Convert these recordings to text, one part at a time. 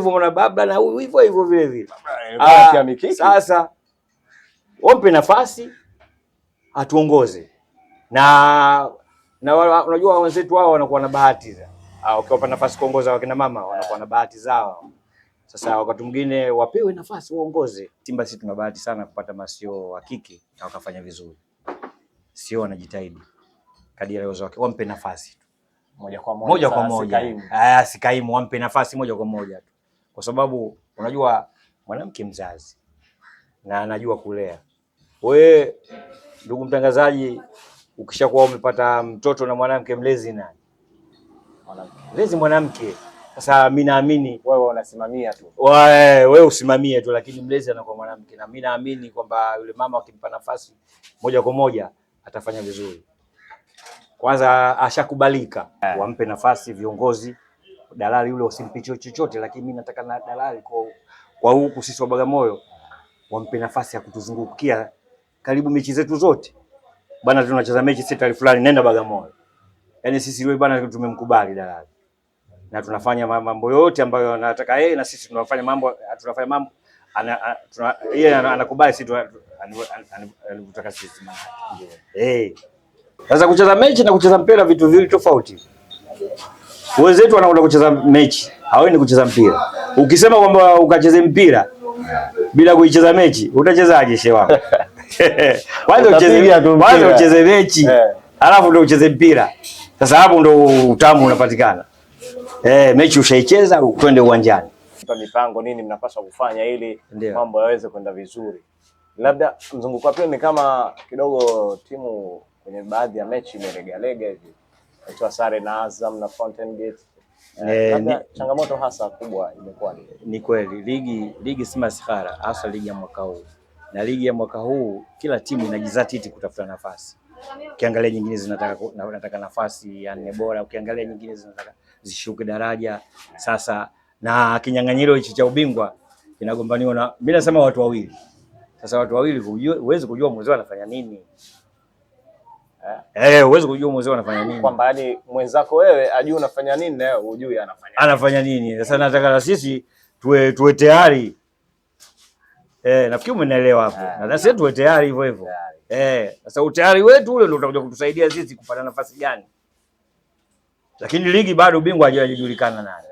hivyo na baba na huyu hivyo hivyo vile vile. Eh, ah, sasa wampe nafasi atuongoze na na unajua wenzetu wao wanakuwa na bahati ah, ukiwapa nafasi kuongoza wakina mama wanakuwa na bahati zao. Sasa wakati mwingine wapewe nafasi waongoze. Simba sisi tuna bahati sana kupata masio wa kike na wakafanya vizuri, sio wanajitahidi kadiri ya uwezo wake, wampe nafasi moja kwa moja, moja kwa moja, sikaimu, wampe nafasi moja kwa moja tu kwa sababu unajua mwanamke mzazi na anajua kulea. Wewe ndugu mtangazaji, ukishakuwa umepata mtoto na mwanamke, mlezi nani? Mwanamke mlezi mwanamke. Sasa mimi naamini wewe unasimamia tu, wewe usimamie tu, lakini mlezi anakuwa mwanamke, na mimi naamini kwamba yule mama akimpa nafasi moja kwa moja atafanya vizuri. Kwanza ashakubalika, wampe nafasi viongozi dalali ule usimpichie chochote, lakini mimi nataka na dalali kwa kwa huku sisi wa Bagamoyo wampe nafasi ya kutuzungukia karibu mechi zetu zote bana, tunacheza mechi sita fulani, nenda Bagamoyo. Yani sisi wewe bana, tumemkubali dalali na tunafanya mambo yote ambayo anataka yeye, na sisi tunafanya mambo tunafanya mambo yeye anakubali sisi alivyotaka sisi. Eh. Sasa kucheza mechi na kucheza mpira vitu viwili tofauti wenzetu wanakwenda kucheza mechi, hawaendi kucheza mpira. Ukisema kwamba ukacheze mpira bila kuicheza mechi, utachezaje wangu? Kwanza ucheze ucheze mechi eh. alafu ndio ucheze mpira. Sasa hapo ndio utamu unapatikana. Eh, mechi ushaicheza, twende uwanjani. Kwa Mipango nini mnapaswa kufanya ili mambo yaweze kwenda vizuri? Labda mzunguko wa pili ni kama kidogo timu kwenye baadhi ya mechi imeregalega hivi mkatoa sare na Azam na Fountain Gate. E, ni, changamoto hasa kubwa imekuwa ni kweli ligi ligi si masihara, hasa ligi ya mwaka huu na ligi ya mwaka huu kila timu inajizatiti kutafuta nafasi. Ukiangalia nyingine zinataka nataka nafasi ya nne bora, ukiangalia nyingine zinataka zishuke daraja. Sasa na kinyang'anyiro hichi cha ubingwa kinagombaniwa na, mimi nasema watu wawili. Sasa watu wawili, huwezi kujua mwenzao anafanya nini. Eh? eh, huwezi kujua mwenzako anafanya nini. Kwamba hadi mwenzako wewe ajui unafanya nini na wewe hujui anafanya. Anafanya nini? Sasa nataka na sisi tuwe tuwe tayari. Eh, nafikiri umenielewa hapo. Eh. Na sisi tuwe tayari hivyo hivyo. Eh, sasa utayari wetu ule ndio utakuja kutusaidia sisi kupata nafasi gani. Lakini ligi bado bingwa hajajulikana nani.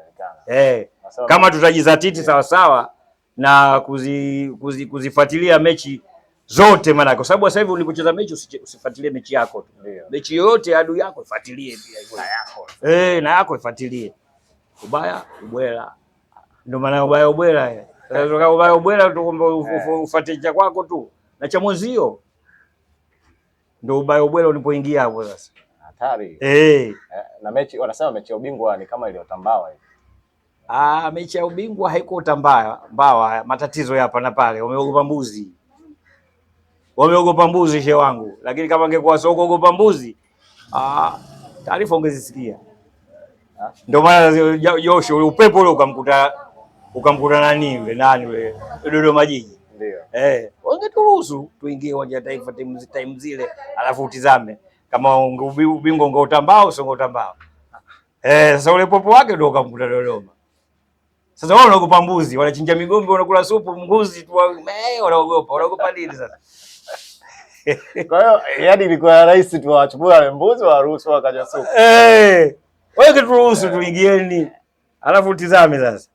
Eh, kama tutajizatiti eh. sawa sawa na kuzi, kuzi, kuzifuatilia mechi zote maana kwa sababu sasa hivi ulipocheza mechi usifuatilie mechi yako tu. Mechi yoyote adui yako ifuatilie pia yako. Eh, na yako ifuatilie. Ubaya ubwela. Ndio maana ubaya ubwela ile. Eh, sasa eh. ubaya ubwela tu kwamba eh. ufuatilie cha kwako tu na cha mwenzio. Ndio ubaya ubwela ulipoingia hapo sasa. Hatari. Eh. Na mechi wanasema mechi ya ubingwa ni kama iliyotambawa hivi. Ah, mechi ya ubingwa haiko utambaa, mbawa matatizo hapa na pale. Umeogopa mbuzi wameogopa mbuzi, shehe wangu, lakini kama angekuwa sio kuogopa mbuzi, ah, taarifa ungezisikia. Ah, ndio maana Josho ule upepo ule ukamkuta ukamkuta nani yule nani yule Dodoma jiji, ndio eh, wangeturuhusu tuingie uwanja Taifa timu time zile, alafu utizame kama ubingwa ungeutambao usingeutambao. Eh, sasa ule popo wake ndio ukamkuta Dodoma. Sasa wao wanaogopa mbuzi, wanachinja migombe, wanakula supu mbuzi tu, wanaogopa wanaogopa nini sasa? Kwa hiyo yaani ilikuwa rahisi tu wachukue wale mbuzi wa waruhusu wakaja soko. Eh. Wewe kituruhusu tuingieni. Alafu tizame sasa.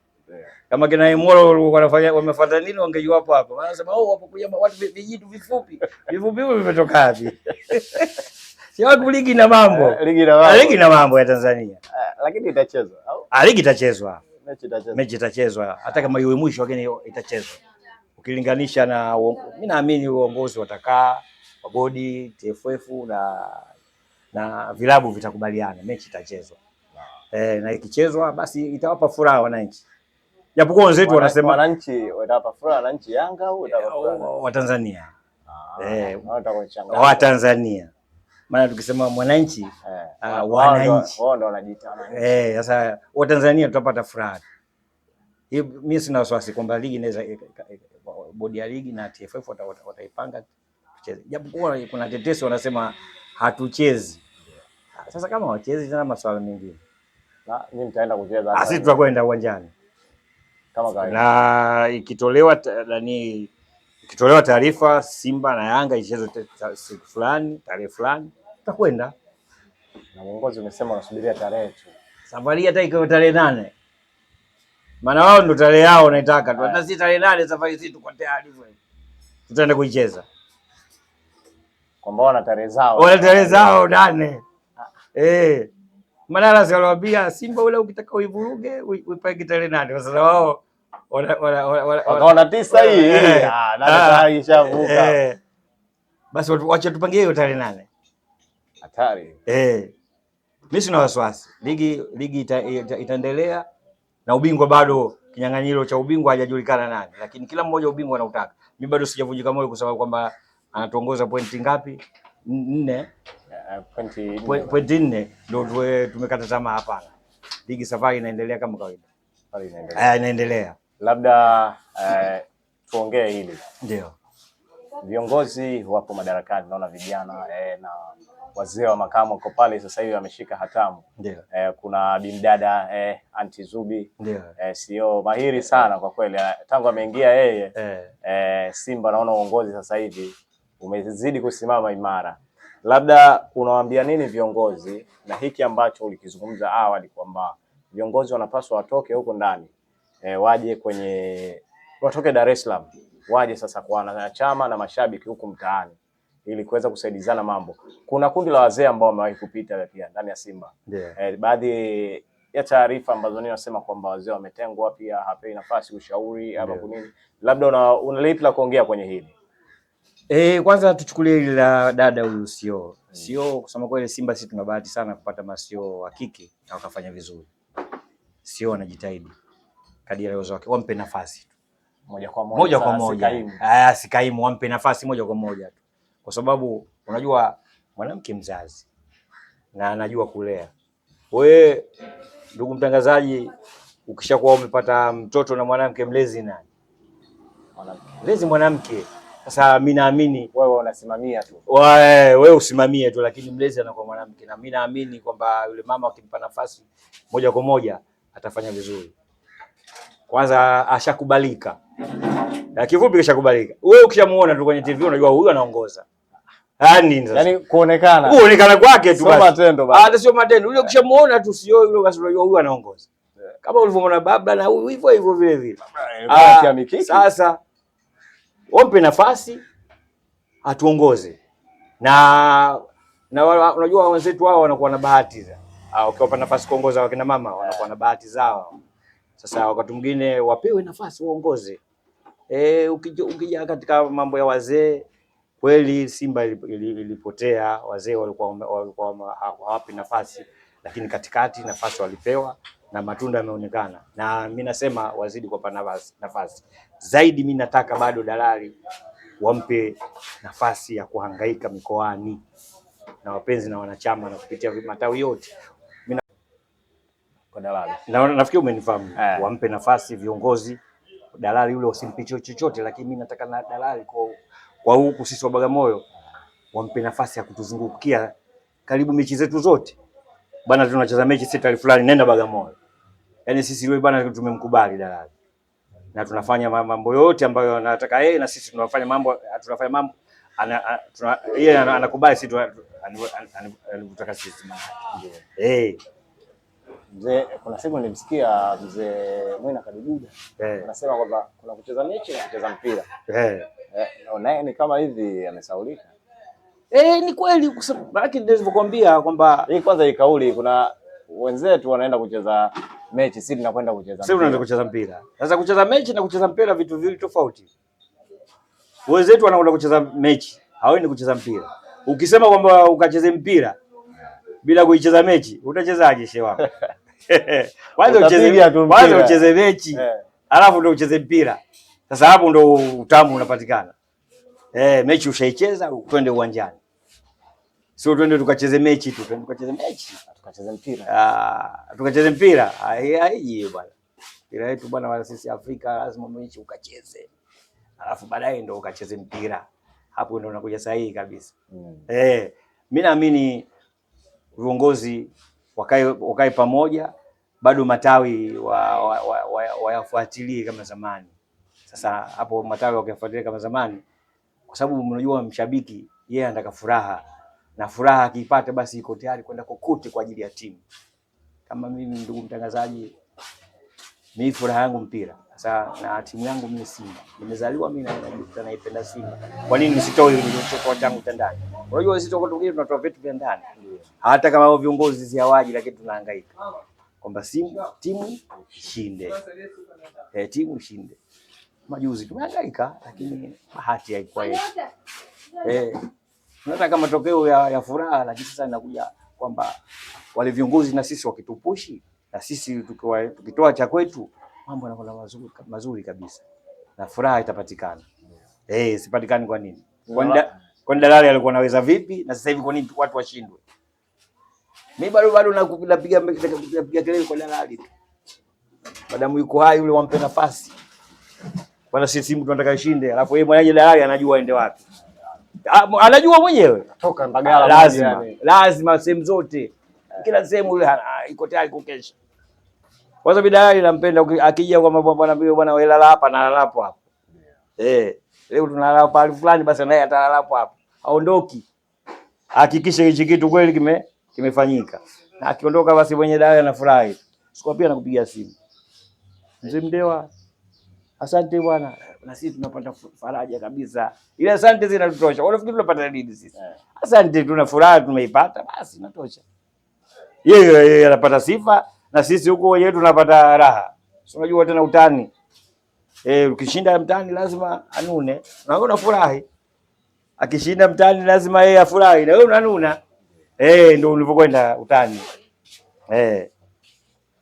Kama kina Imoro walikuwa wanafanya wamefuata nini wangejua hapo hapo. Wanasema oh hapo kuja watu vijitu vifupi. Vifupi hivi vimetoka wapi? Si watu ligi na mambo. Eh, ligi na ah, mambo. Ligi na mambo ya Tanzania. Ah, lakini itachezwa au? Ah, ligi itachezwa. Mechi itachezwa. Mechi itachezwa. Hata kama iwe mwisho lakini itachezwa. Ukilinganisha na mimi naamini uongozi watakaa kwa bodi TFF na na vilabu vitakubaliana, mechi itachezwa wow. E, na ikichezwa basi itawapa furaha wananchi, japokuwa wenzetu wanasema wananchi watawapa furaha wananchi Yanga au wa Tanzania ah, eh, wa Tanzania, maana tukisema mwananchi eh, ah, wananchi sasa wa Tanzania tutapata furaha. Mimi sina wasiwasi kwamba ligi inaweza bodi ya ligi na TFF wataipanga wata, wata kucheza, japokuwa kuna tetesi wanasema hatuchezi. Ah, sasa kama wachezi tena, maswala mengine sisi ah, tutakwenda uwanjani kama kawaida, na ikitolewa nani, ikitolewa taarifa Simba na Yanga icheze siku fulani, tarehe fulani, tutakwenda na mwongozi umesema unasubiria tarehe tu. Safari hata ikiwa tarehe nane, maana wao ndio tarehe yao wanaitaka tu. Eh. Hata si tarehe nane, safari si tuko tayari, tutaenda kuicheza kwamba wana tarehe zao, wana tarehe zao nane. Eh, Manara aliwaambia Simba ule ukitaka uivuruge uipeke tarehe nane. sababu wao wakaona tisa hii eh. ah, nane ah. ishavuka, eh. basi wacha tupange hiyo tarehe nane. Hatari eh, mimi sina wasiwasi, ligi ligi itaendelea na ubingwa bado kinyang'anyiro cha ubingwa hajajulikana nani, lakini kila mmoja ubingwa anautaka. Mimi bado sijavunjika moyo sababu kwamba anatuongoza pointi ngapi? Nne, ah, pointi nne, ndo tumekata tamaa. Hapana, ligi safari inaendelea kama kawaida, eh, inaendelea. Labda eh, tuongee hili, ndio viongozi wapo madarakani, naona vijana eh, na wazee wa makamu wako pale sasa hivi wameshika hatamu eh, kuna bimdada eh, anti Zubi eh, sio e mahiri sana kwa kweli eh, tangu ameingia yeye eh, eh, Simba naona uongozi sasa hivi umezidi kusimama imara. Labda unawaambia nini viongozi na hiki ambacho ulikizungumza awali kwamba viongozi wanapaswa watoke huko ndani e, waje kwenye watoke Dar es Salaam waje sasa kwa wanachama na mashabiki huku mtaani ili kuweza kusaidizana mambo. Kuna kundi la wazee ambao wamewahi kupita pia ndani ya Simba yeah. E, baadhi ya taarifa ambazo nasema kwamba wazee wametengwa pia hapewi nafasi ushauri ama yeah. kunini labda una, una lipi la kuongea kwenye hili? Eh, kwanza tuchukulie ile la dada huyu sio. Mm. Sio kusema kweli Simba sisi tuna bahati sana kupata masio wa kike na wakafanya vizuri. Sio anajitahidi. Kadi ya wake wampe nafasi tu. Moja kwa moja. Moja kwa moja. Ah, kaimu wampe nafasi moja kwa moja tu. Kwa sababu unajua mwanamke mzazi na anajua kulea. Wewe ndugu mtangazaji, ukishakuwa umepata mtoto na mwanamke mlezi nani? Mwanamke. Mlezi mwanamke. Sasa mimi naamini wewe unasimamia tu. Wewe usimamie tu, lakini mlezi anakuwa mwanamke, na mimi naamini kwamba yule mama akimpa nafasi moja kwa moja atafanya vizuri. Kwanza ashakubalika, na kifupi kishakubalika. Wewe ukishamuona tu kwenye TV unajua huyu anaongoza. Yaani yaani kuonekana. Kuonekana kwake tu basi. Sio matendo basi. Hata sio matendo. Yule ukishamuona tu sio yule basi unajua huyu anaongoza. Kama ulivyomwona baba na huyu hivyo hivyo vile vile. Ah, sasa wampe nafasi atuongoze na na unajua wenzetu wao wanakuwa na bahati ah, ukiwapa nafasi kuongoza wakina mama wanakuwa na bahati zao. Sasa wakati mwingine wapewe nafasi waongoze. E, ukija katika mambo ya wazee kweli Simba ilipotea, wazee walikuwa walikuwa hawapi nafasi, lakini katikati nafasi walipewa na matunda yameonekana, na mimi nasema wazidi kuwapa nafasi zaidi. mi nataka bado dalali wampe nafasi ya kuhangaika mikoani na wapenzi na wanachama na kupitia matawi yote Mina... na, nafikiri umenifahamu yeah. Wampe nafasi viongozi, dalali yule usimpicho chochote, lakini mi nataka na dalali kwa, kwa huku sisi wa Bagamoyo wampe nafasi ya kutuzungukia karibu mechi zetu zote bana, tunacheza mechi sita fulani, nenda Bagamoyo. Yani sisi wewe bana, tumemkubali dalali na tunafanya mambo yote ambayo anataka yeye, na sisi tunafanya mambo tunafanya mambo yeye anakubali sisi anavyotaka sisi. Eh, mzee, kuna sehemu nilimsikia mzee Mwina Kadibuda eh. anasema kwamba kuna kucheza mechi na kucheza mpira eh, eh naye ni kama hivi amesaulika. Eh, ni kweli, maana ndio nilivyokuambia kwamba hii kwanza hii kauli kuna wenzetu wanaenda kucheza mechi, sisi tunakwenda kucheza. Sisi tunaenda kucheza mpira. Sasa kucheza mechi na kucheza mpira vitu viwili tofauti. Wenzetu wanaenda kucheza mechi, hawaendi kucheza mpira. Ukisema kwamba ukacheze mpira bila kuicheza mechi, utachezaje shewa? wangu? Kwanza ucheze, kwanza ucheze mechi, eh. alafu ndio ucheze mpira. Sasa hapo ndio utamu unapatikana. Eh, mechi ushaicheza, twende uwanjani. Sio twende tukacheze mechi tu, twende tukacheze mechi. Tukacheze mpira. Ah, tukacheze mpira. Ah, haiji bwana. Mpira yetu bwana, wala sisi Afrika lazima mwenyewe ukacheze. Alafu baadaye ndo ukacheze mpira. Hapo ndo unakuja sahihi kabisa. Mm. Eh, mimi naamini viongozi wakae wakae pamoja bado matawi wayafuatilie wa, wa, wa, wa kama zamani. Sasa hapo matawi wakifuatilia kama zamani, kwa sababu unajua mshabiki yeye anataka furaha na furaha akiipata, basi iko tayari kwenda kokote kwa ajili ya timu. Kama mimi, ndugu mtangazaji, mimi furaha yangu mpira sasa, na timu yangu mimi Simba, nimezaliwa mimi na naipenda Simba. Kwa nini nisitoe nilichokuwa tangu ndani? Unajua sisi tuko tukio tunatoa vitu vya ndani, hata kama wao viongozi si hawaji, lakini tunahangaika kwamba Simba timu shinde, eh, timu shinde. Majuzi tumehangaika, lakini bahati haikuwa yetu eh tunataka matokeo ya, ya furaha, lakini sasa inakuja kwamba wale viongozi na sisi wakitupushi na sisi tukitoa cha kwetu mambo yanakuwa mazuri, mazuri kabisa na furaha itapatikana. Eh, hey, sipatikani kwa nini? Kwani dalali alikuwa anaweza vipi na sasa hivi kwa nini watu washindwe? Mimi bado bado napiga napiga kelele kwa dalali tu. Madamu yuko hai yule wampe nafasi. Bwana sisi tunataka ishinde, alafu yeye mwanaje dalali anajua aende wapi. Ah, anajua mwenyewe, toka Mbagala lazima, lazima sehemu zote, kila sehemu ile iko tayari kukesha. Kwanza bidalali nampenda, akija kwa mambo bwana, bwana, bwana welala hapa na lala hapo hapo, eh, leo tunalala hapa fulani, basi naye atalala hapo hapo, aondoki. Hakikisha hichi kitu kweli kime kimefanyika, na akiondoka basi mwenye dawa anafurahi. Siku pia nakupigia simu, mzee Mdewa, asante bwana na sisi tunapata faraja kabisa. Ile asante zinatutosha. Wanafikiri tunapata nini sisi? Eh. Asante tuna furaha tumeipata, basi inatosha. Yeye yeye anapata sifa na sisi huko wenyewe tunapata raha. Unajua tena utani. Eh, ukishinda mtani lazima anune. Na wewe unafurahi. Akishinda mtani lazima yeye afurahi na wewe unanuna. Eh, ndio ulivyokwenda utani. Eh.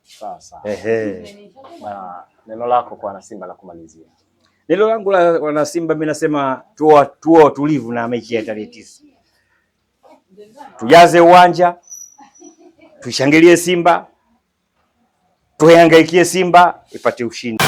Sawa sawa. Ehe. Na neno lako kwa Simba la kumalizia. Neno langu la wana Simba mimi nasema tuwa tuwa tulivu na mechi ya tarehe tisa, tujaze uwanja, tuishangilie Simba, tuhangaikie Simba ipate ushindi.